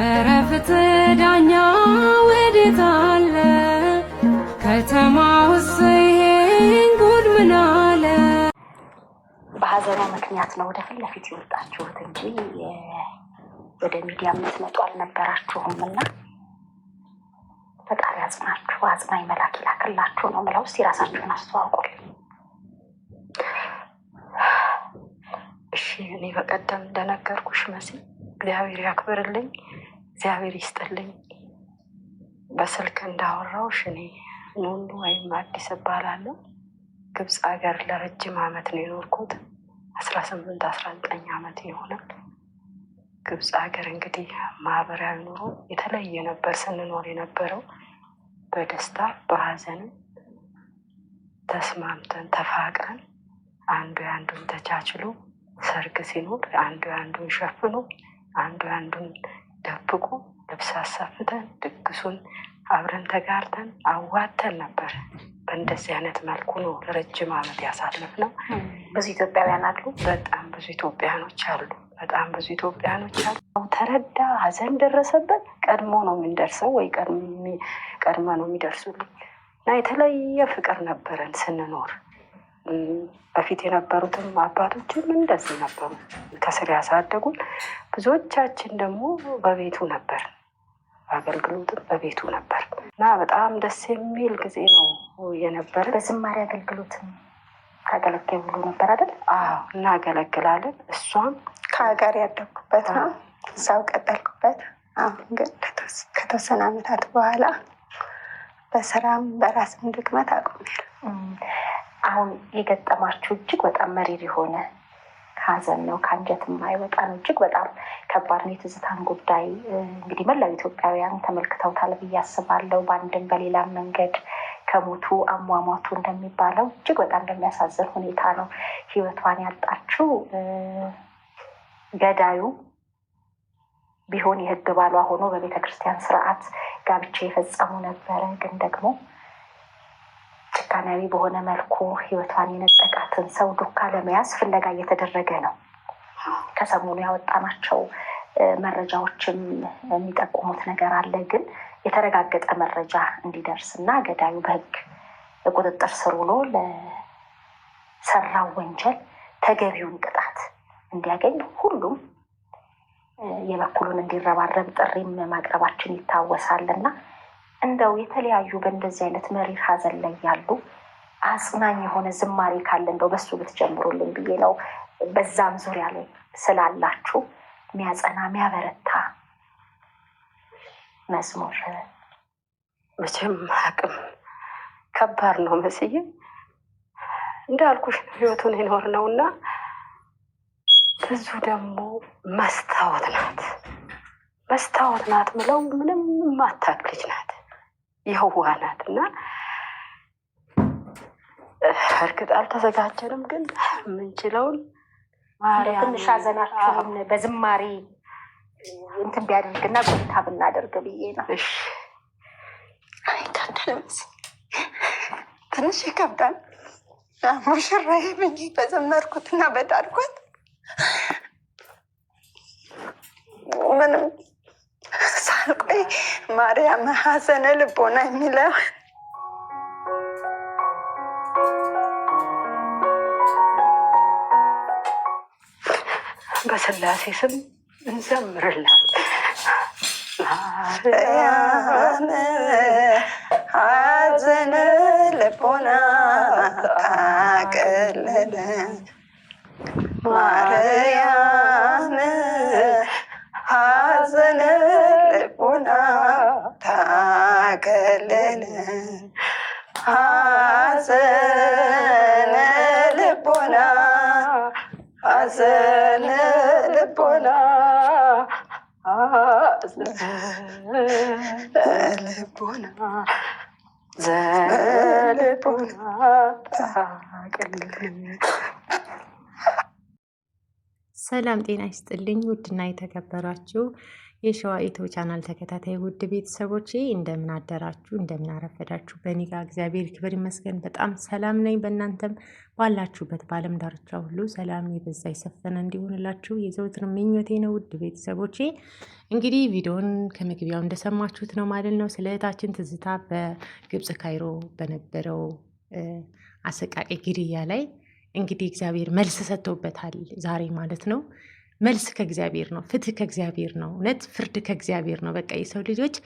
እረ ፍትህ ዳኛ ወዴት አለ? ከተማ ውስጥ ይሄን ጉድ ምን አለ? በሀዘኗ ምክንያት ነው ወደፊት ለፊት የወጣችሁት እንጂ ወደ ሚዲያ የምትመጡ አልነበራችሁም እና ፈጣሪ አጽናችሁ፣ አጽናኝ መላክ ይላክላችሁ ነው የምለው። እስኪ ራሳችሁን አስተዋውቁል። እሺ፣ እኔ በቀደም እንደነገርኩሽ መሲ እግዚአብሔር ያክብርልኝ። እግዚአብሔር ይስጥልኝ። በስልክ እንዳወራውሽ እኔ ኑሉ ወይም አዲስ እባላለሁ። ግብፅ ሀገር ለረጅም ዓመት ነው የኖርኩት። አስራ ስምንት አስራ ዘጠኝ ዓመት ይሆናል። ግብፅ ሀገር እንግዲህ ማህበራዊ ኑሮ የተለየ ነበር ስንኖር የነበረው በደስታ በሀዘንም ተስማምተን ተፋቅረን አንዱ የአንዱን ተቻችሎ ሰርግ ሲኖር አንዱ የአንዱን ሸፍኖ አንዱ የአንዱን ደብቆ ልብስ አሳፍተን ድግሱን አብረን ተጋርተን አዋተን ነበር። በእንደዚህ አይነት መልኩ ነው ለረጅም ዓመት ነው። ብዙ ኢትዮጵያውያን አሉ። በጣም ብዙ ኢትዮጵያኖች አሉ። በጣም ብዙ ኢትዮጵያኖች አሉ። ተረዳ፣ ሀዘን ደረሰበት፣ ቀድሞ ነው የምንደርሰው ወይ ቀድመ ነው የሚደርሱልኝ እና የተለየ ፍቅር ነበረን ስንኖር በፊት የነበሩትም አባቶችም እንደዚህ ነበሩ፣ ከስር ያሳደጉን። ብዙዎቻችን ደግሞ በቤቱ ነበር፣ አገልግሎትም በቤቱ ነበር እና በጣም ደስ የሚል ጊዜ ነው የነበረ። በዝማሬ አገልግሎት ታገለግል ብሎ ነበር አይደል? አዎ፣ እናገለግላለን። እሷም ከሀገር ያደግኩበት ነው፣ እዛው ቀጠልኩበት። አሁን ግን ከተወሰነ አመታት በኋላ በስራም በራስም ድክመት አቁሜያለሁ። አሁን የገጠማችሁ እጅግ በጣም መሪር የሆነ ከሀዘን ነው፣ ከአንጀት የማይወጣ ነው። እጅግ በጣም ከባድ ነው። የትዝታን ጉዳይ እንግዲህ መላው ኢትዮጵያውያን ተመልክተውታል ብዬ አስባለሁ። በአንድም በሌላም መንገድ ከሞቱ አሟሟቱ እንደሚባለው እጅግ በጣም እንደሚያሳዝን ሁኔታ ነው ህይወቷን ያጣችው። ገዳዩ ቢሆን የህግ ባሏ ሆኖ በቤተክርስቲያን ስርዓት ጋብቻ የፈጸሙ ነበረ ግን ደግሞ ጭካኔያዊ በሆነ መልኩ ህይወቷን የነጠቃትን ሰው ዱካ ለመያዝ ፍለጋ እየተደረገ ነው። ከሰሞኑ ያወጣናቸው መረጃዎችም የሚጠቁሙት ነገር አለ። ግን የተረጋገጠ መረጃ እንዲደርስ እና ገዳዩ በህግ ቁጥጥር ስር ውሎ ለሰራው ወንጀል ተገቢውን ቅጣት እንዲያገኝ ሁሉም የበኩሉን እንዲረባረብ ጥሪም ማቅረባችን ይታወሳል እና እንደው የተለያዩ በእንደዚህ አይነት መሪር ሀዘን ላይ ያሉ አጽናኝ የሆነ ዝማሬ ካለ እንደው በሱ ብትጀምሩልኝ ብዬ ነው። በዛም ዙሪያ ላይ ስላላችሁ ሚያጸና ሚያበረታ መዝሙር መቼም አቅም ከባድ ነው መስዬ እንዳልኩሽ ህይወቱን ይኖር ነው እና ብዙ ደግሞ መስታወት ናት መስታወት ናት ምለው ምንም ማታክልች ናት። የህዋ እና እርግጥ አልተዘጋጀንም፣ ግን የምንችለውን ትንሽ አዘናችሁን በዝማሪ እንትን ቢያደርግና ቆይታ ብናደርግ ብዬ ነው። አይታደለምስ ትንሽ ይከብዳል። ሙሽራዬ ብዬ በዘመርኩትና በዳርኩት ምንም ቆይ ማርያም ሀዘነ ልቦና የሚለው በስላሴ ስም እንዘምርላል። ማርያም ሀዘነ ልቦና አቅልለ ማርያም ሀዘነ ከለለ ሐዘነ ልቦና ሐዘነ ልቦና ልቦና ሰላም ጤና ይስጥልኝ። ውድና የተከበራችሁ የሸዋ ኢትዮ ቻናል ተከታታይ ውድ ቤተሰቦች እንደምን አደራችሁ፣ እንደምን አረፈዳችሁ? በእኔ እግዚአብሔር ክብር ይመስገን በጣም ሰላም ነኝ። በእናንተም ባላችሁበት በዓለም ዳርቻ ሁሉ ሰላም የበዛ የሰፈነ እንዲሆንላችሁ የዘውትር ምኞቴ ነው። ውድ ቤተሰቦቼ እንግዲህ ቪዲዮን ከመግቢያው እንደሰማችሁት ነው ማለት ነው ስለ እህታችን ትዝታ በግብፅ ካይሮ በነበረው አሰቃቂ ግድያ ላይ እንግዲህ እግዚአብሔር መልስ ሰጥቶበታል ዛሬ ማለት ነው። መልስ ከእግዚአብሔር ነው። ፍትህ ከእግዚአብሔር ነው። እውነት ፍርድ ከእግዚአብሔር ነው። በቃ የሰው ልጆች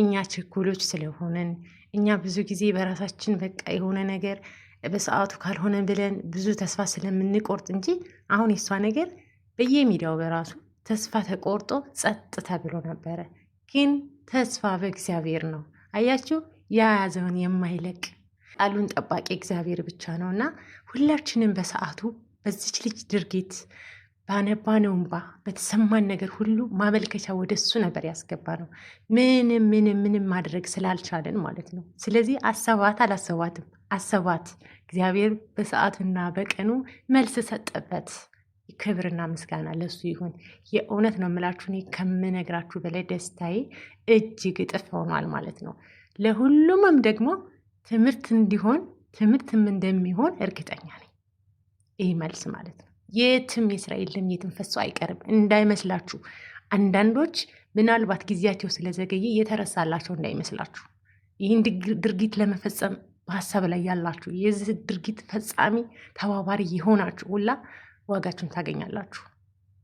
እኛ ችኩሎች ስለሆንን እኛ ብዙ ጊዜ በራሳችን በቃ የሆነ ነገር በሰዓቱ ካልሆነ ብለን ብዙ ተስፋ ስለምንቆርጥ እንጂ አሁን የሷ ነገር በየሚዲያው በራሱ ተስፋ ተቆርጦ ጸጥ ተብሎ ነበረ። ግን ተስፋ በእግዚአብሔር ነው። አያችሁ፣ የያዘውን የማይለቅ ቃሉን ጠባቂ እግዚአብሔር ብቻ ነው እና ሁላችንም በሰዓቱ በዚች ልጅ ድርጊት ባነባ ነው እንባ በተሰማን ነገር ሁሉ ማመልከቻ ወደ እሱ ነበር ያስገባ ነው። ምንም ምንም ምንም ማድረግ ስላልቻለን ማለት ነው። ስለዚህ አሰባት አላሰባትም አሰባት። እግዚአብሔር በሰዓቱና በቀኑ መልስ ሰጠበት። ክብርና ምስጋና ለሱ ይሁን። የእውነት ነው የምላችሁ፣ እኔ ከምነግራችሁ በላይ ደስታዬ እጅግ እጥፍ ሆኗል ማለት ነው። ለሁሉምም ደግሞ ትምህርት እንዲሆን ትምህርትም እንደሚሆን እርግጠኛ ነኝ ይህ መልስ ማለት ነው። የትም የስራ የለም፣ የትም ፈሶ አይቀርም እንዳይመስላችሁ። አንዳንዶች ምናልባት ጊዜያቸው ስለዘገየ የተረሳላቸው እንዳይመስላችሁ። ይህን ድርጊት ለመፈጸም በሀሳብ ላይ ያላችሁ የዚህ ድርጊት ፈጻሚ ተባባሪ የሆናችሁ ሁላ ዋጋችሁን ታገኛላችሁ።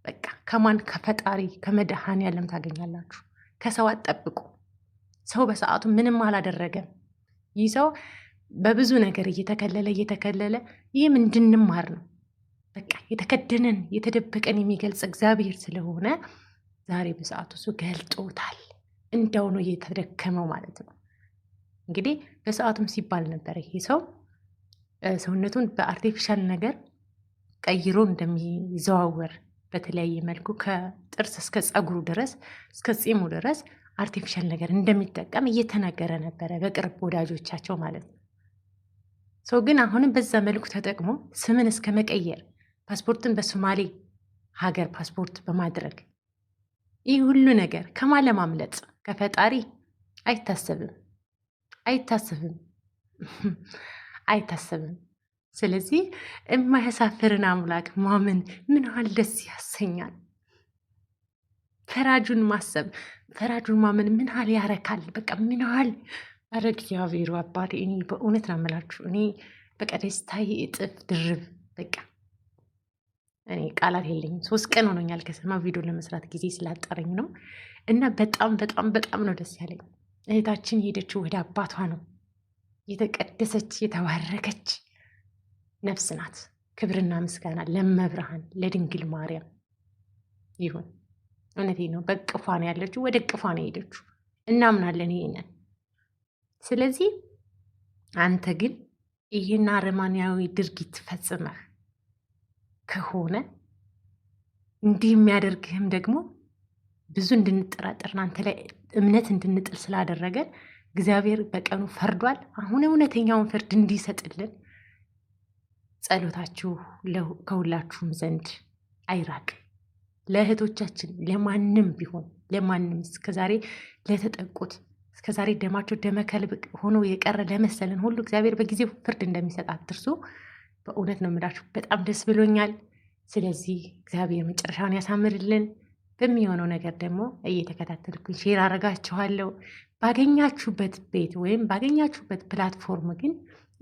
በቃ ከማን ከፈጣሪ ከመድሃን ያለም ታገኛላችሁ። ከሰው አትጠብቁ። ሰው በሰዓቱ ምንም አላደረገም። ይህ ሰው በብዙ ነገር እየተከለለ እየተከለለ ይህም እንድንማር ነው። በቃ የተከደነን የተደበቀን የሚገልጽ እግዚአብሔር ስለሆነ ዛሬ በሰዓቱ እሱ ገልጦታል። እንደው ነው እየተደከመው ማለት ነው። እንግዲህ በሰዓቱም ሲባል ነበር ይሄ ሰው ሰውነቱን በአርቲፊሻል ነገር ቀይሮ እንደሚዘዋወር በተለያየ መልኩ ከጥርስ እስከ ፀጉሩ ድረስ እስከ ፂሙ ድረስ አርቲፊሻል ነገር እንደሚጠቀም እየተናገረ ነበረ፣ በቅርብ ወዳጆቻቸው ማለት ነው። ሰው ግን አሁንም በዛ መልኩ ተጠቅሞ ስምን እስከ መቀየር ፓስፖርትን በሶማሌ ሀገር ፓስፖርት በማድረግ ይህ ሁሉ ነገር ከማለማምለጥ ከፈጣሪ አይታሰብም አይታሰብም አይታሰብም። ስለዚህ የማያሳፍርን አምላክ ማመን ምን ያህል ደስ ያሰኛል። ፈራጁን ማሰብ ፈራጁን ማመን ምን ያህል ያረካል። በቃ ምን ያህል ኧረ እግዚአብሔር አባቴ እኔ በእውነት ነው የምላችሁ እኔ በቃ ደስታዬ እጥፍ ድርብ በቃ እኔ ቃላት የለኝም። ሶስት ቀን ሆኖኛል ከሰማ ቪዲዮ ለመስራት ጊዜ ስላጠረኝ ነው። እና በጣም በጣም በጣም ነው ደስ ያለኝ። እህታችን የሄደችው ወደ አባቷ ነው። የተቀደሰች የተባረከች ነፍስ ናት። ክብርና ምስጋና ለመብርሃን ለድንግል ማርያም ይሁን። እውነቴ ነው። በቅፏ ነው ያለችው፣ ወደ ቅፏ ነው የሄደችው። እናምናለን ይሄንን። ስለዚህ አንተ ግን ይህን አረማንያዊ ድርጊት ፈጽመህ ከሆነ እንዲህ የሚያደርግህም ደግሞ ብዙ እንድንጠራጠር አንተ ላይ እምነት እንድንጥል ስላደረገን እግዚአብሔር በቀኑ ፈርዷል። አሁን እውነተኛውን ፍርድ እንዲሰጥልን ጸሎታችሁ ከሁላችሁም ዘንድ አይራቅ። ለእህቶቻችን ለማንም ቢሆን ለማንም እስከዛሬ ለተጠቁት እስከዛሬ ደማቸው ደመ ሆኖ የቀረ ለመሰለን ሁሉ እግዚአብሔር በጊዜው ፍርድ እንደሚሰጥ አትርሱ። በእውነት ነው የምላችሁ። በጣም ደስ ብሎኛል። ስለዚህ እግዚአብሔር መጨረሻውን ያሳምርልን። በሚሆነው ነገር ደግሞ እየተከታተልኩኝ ሼር አድርጋችኋለሁ። ባገኛችሁበት ቤት ወይም ባገኛችሁበት ፕላትፎርም ግን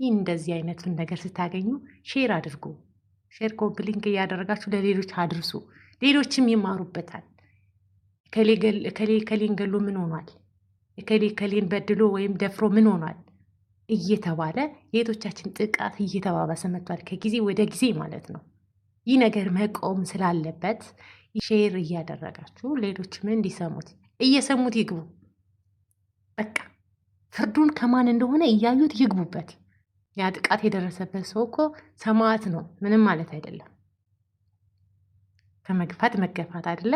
ይህ እንደዚህ አይነቱን ነገር ስታገኙ ሼር አድርጉ። ሼር ኮፒ ሊንክ እያደረጋችሁ ለሌሎች አድርሱ። ሌሎችም ይማሩበታል። እከሌ እከሌን ገሎ ምን ሆኗል፣ እከሌ እከሌን በድሎ ወይም ደፍሮ ምን ሆኗል እየተባለ የቶቻችን ጥቃት እየተባባሰ መጥቷል። ከጊዜ ወደ ጊዜ ማለት ነው። ይህ ነገር መቆም ስላለበት ሼር እያደረጋችሁ ሌሎችም እንዲሰሙት እየሰሙት ይግቡ። በቃ ፍርዱን ከማን እንደሆነ እያዩት ይግቡበት። ያ ጥቃት የደረሰበት ሰው እኮ ሰማዕት ነው። ምንም ማለት አይደለም። ከመግፋት መገፋት አይደለ።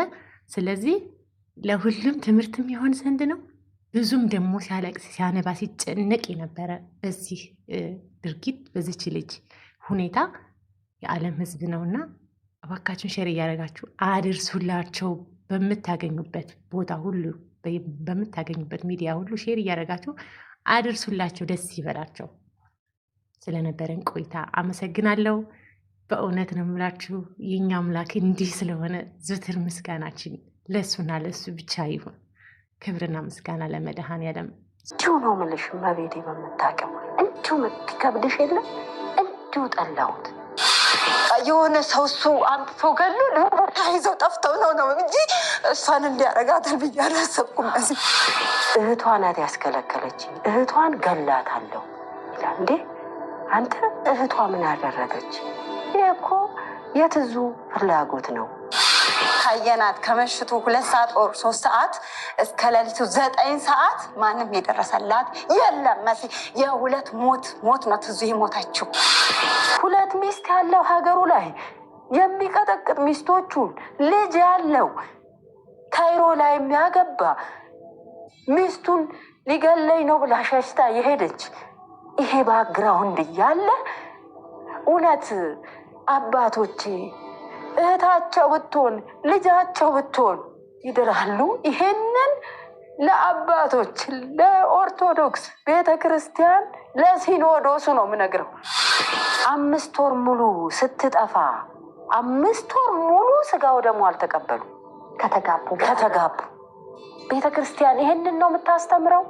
ስለዚህ ለሁሉም ትምህርት የሚሆን ዘንድ ነው። ብዙም ደግሞ ሲያለቅስ ሲያነባ ሲጨነቅ የነበረ በዚህ ድርጊት በዚች ልጅ ሁኔታ የዓለም ህዝብ ነውና አባካችን ሸር እያደረጋችሁ አድርሱላቸው። በምታገኙበት ቦታ ሁሉ በምታገኙበት ሚዲያ ሁሉ ሼር እያደረጋችሁ አድርሱላቸው። ደስ ይበላቸው። ስለነበረን ቆይታ አመሰግናለሁ። በእውነት ነው የምላችሁ የእኛ አምላክ እንዲህ ስለሆነ ዝትር ምስጋናችን ለእሱና ለእሱ ብቻ ይሁን። ክብርና ምስጋና ለመድኃኔዓለም። እንዲሁ ነው የምልሽ መቤቴ፣ በምታውቂው እንዲሁ ከብድሽ የለም እንዲሁ ጠላሁት የሆነ ሰው እሱ አምጥቶ ገሉ ተይዘው ጠፍተው ነው ነው እንጂ እሷን እንዲያረጋታል ብዬ አላሰብኩም። እህቷ ናት ያስከለከለች፣ እህቷን ገላታለሁ እንዴ አንተ እህቷ ምን አደረገች? ይህ እኮ የትዙ ፍላጎት ነው። ካየናት ከምሽቱ ሁለት ሰዓት ኦር ሶስት ሰዓት እስከ ሌሊቱ ዘጠኝ ሰዓት ማንም የደረሰላት የለም። መሲ የሁለት ሞት ሞት ነው ትዙ ሞታችው። ሁለት ሚስት ያለው ሀገሩ ላይ የሚቀጠቅጥ ሚስቶቹን ልጅ ያለው ካይሮ ላይ የሚያገባ ሚስቱን ሊገለኝ ነው ብላ ሸሽታ የሄደች ይሄ ባግራውንድ እያለ እውነት አባቶቼ እህታቸው ብትሆን ልጃቸው ብትሆን ይድራሉ። ይሄንን ለአባቶች ለኦርቶዶክስ ቤተ ክርስቲያን ለሲኖዶሱ ነው የምነግረው። አምስት ወር ሙሉ ስትጠፋ አምስት ወር ሙሉ ስጋው ደግሞ አልተቀበሉ ከተጋቡ ከተጋቡ ቤተ ክርስቲያን ይሄንን ነው የምታስተምረው።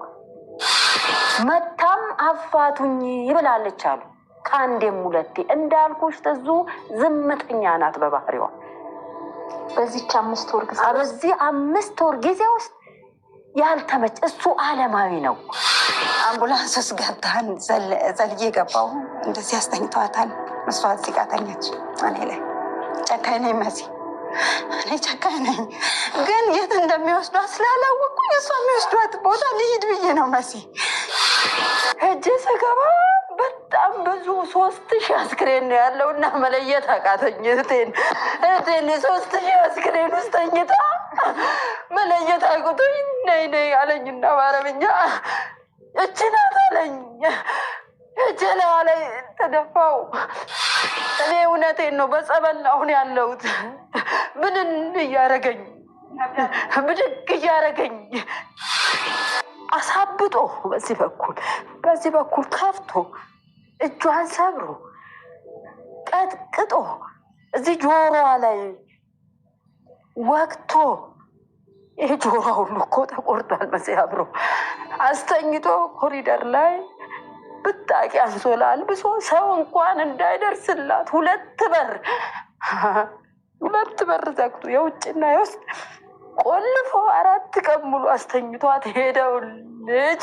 መታም አፋቱኝ ይብላለች አሉ ከአንዴም ሁለቴ እንዳልኩሽ ተዙ ዝምተኛ ናት በባህሪዋ። በዚች አምስት ወር ጊዜ በዚህ አምስት ወር ጊዜ ውስጥ ያልተመች እሱ አለማዊ ነው። አምቡላንስ ውስጥ ገብታን ዘልዬ ገባው እንደዚህ ያስተኝተዋታል። እሷ እዚህ ጋር ተኛች። እኔ ላይ ጨካኝ ነኝ መሲ፣ እኔ ጨካኝ ነኝ ግን የት እንደሚወስዷት ስላላወቅኩኝ እሷ የሚወስዷት ቦታ ልሂድ ብዬ ነው መሲ እጅ ስገባ ብዙ ሶስት ሺህ አስክሬን ነው ያለው እና መለየት አቃተኝ። እህቴን እህቴን ሶስት ሺህ አስክሬን ውስጥ ተኝታ መለየት አቅቶኝ ነይ ነይ አለኝና በአረብኛ እች ናት አለኝ። እችላ ላይ ተደፋው። እኔ እውነቴን ነው በጸበል አሁን ያለሁት ምንን እያረገኝ ብድግ እያረገኝ አሳብጦ በዚህ በኩል በዚህ በኩል ከፍቶ እጇን ሰብሮ ቀጥቅጦ እዚህ ጆሮዋ ላይ ወቅቶ ይህ ጆሮ ሁሉ እኮ ተቆርጧል። መሰ አብሮ አስተኝቶ ኮሪደር ላይ ብጣቂ አንሶላ አልብሶ ሰው እንኳን እንዳይደርስላት ሁለት በር ሁለት በር ዘግቶ የውጭና የውስጥ ቆልፎ አራት ቀን ሙሉ አስተኝቷት ሄደው ልጅ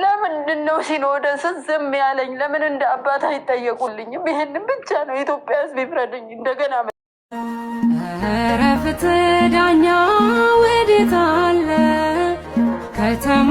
ለምንድን ነው ሲኖዶስን ዝም ያለኝ? ለምን እንደ አባት አይጠየቁልኝም? ይህንን ብቻ ነው የኢትዮጵያ ሕዝብ ይፍረድኝ። እንደገና ረፍት ዳኛ ወዴት አለ ከተማ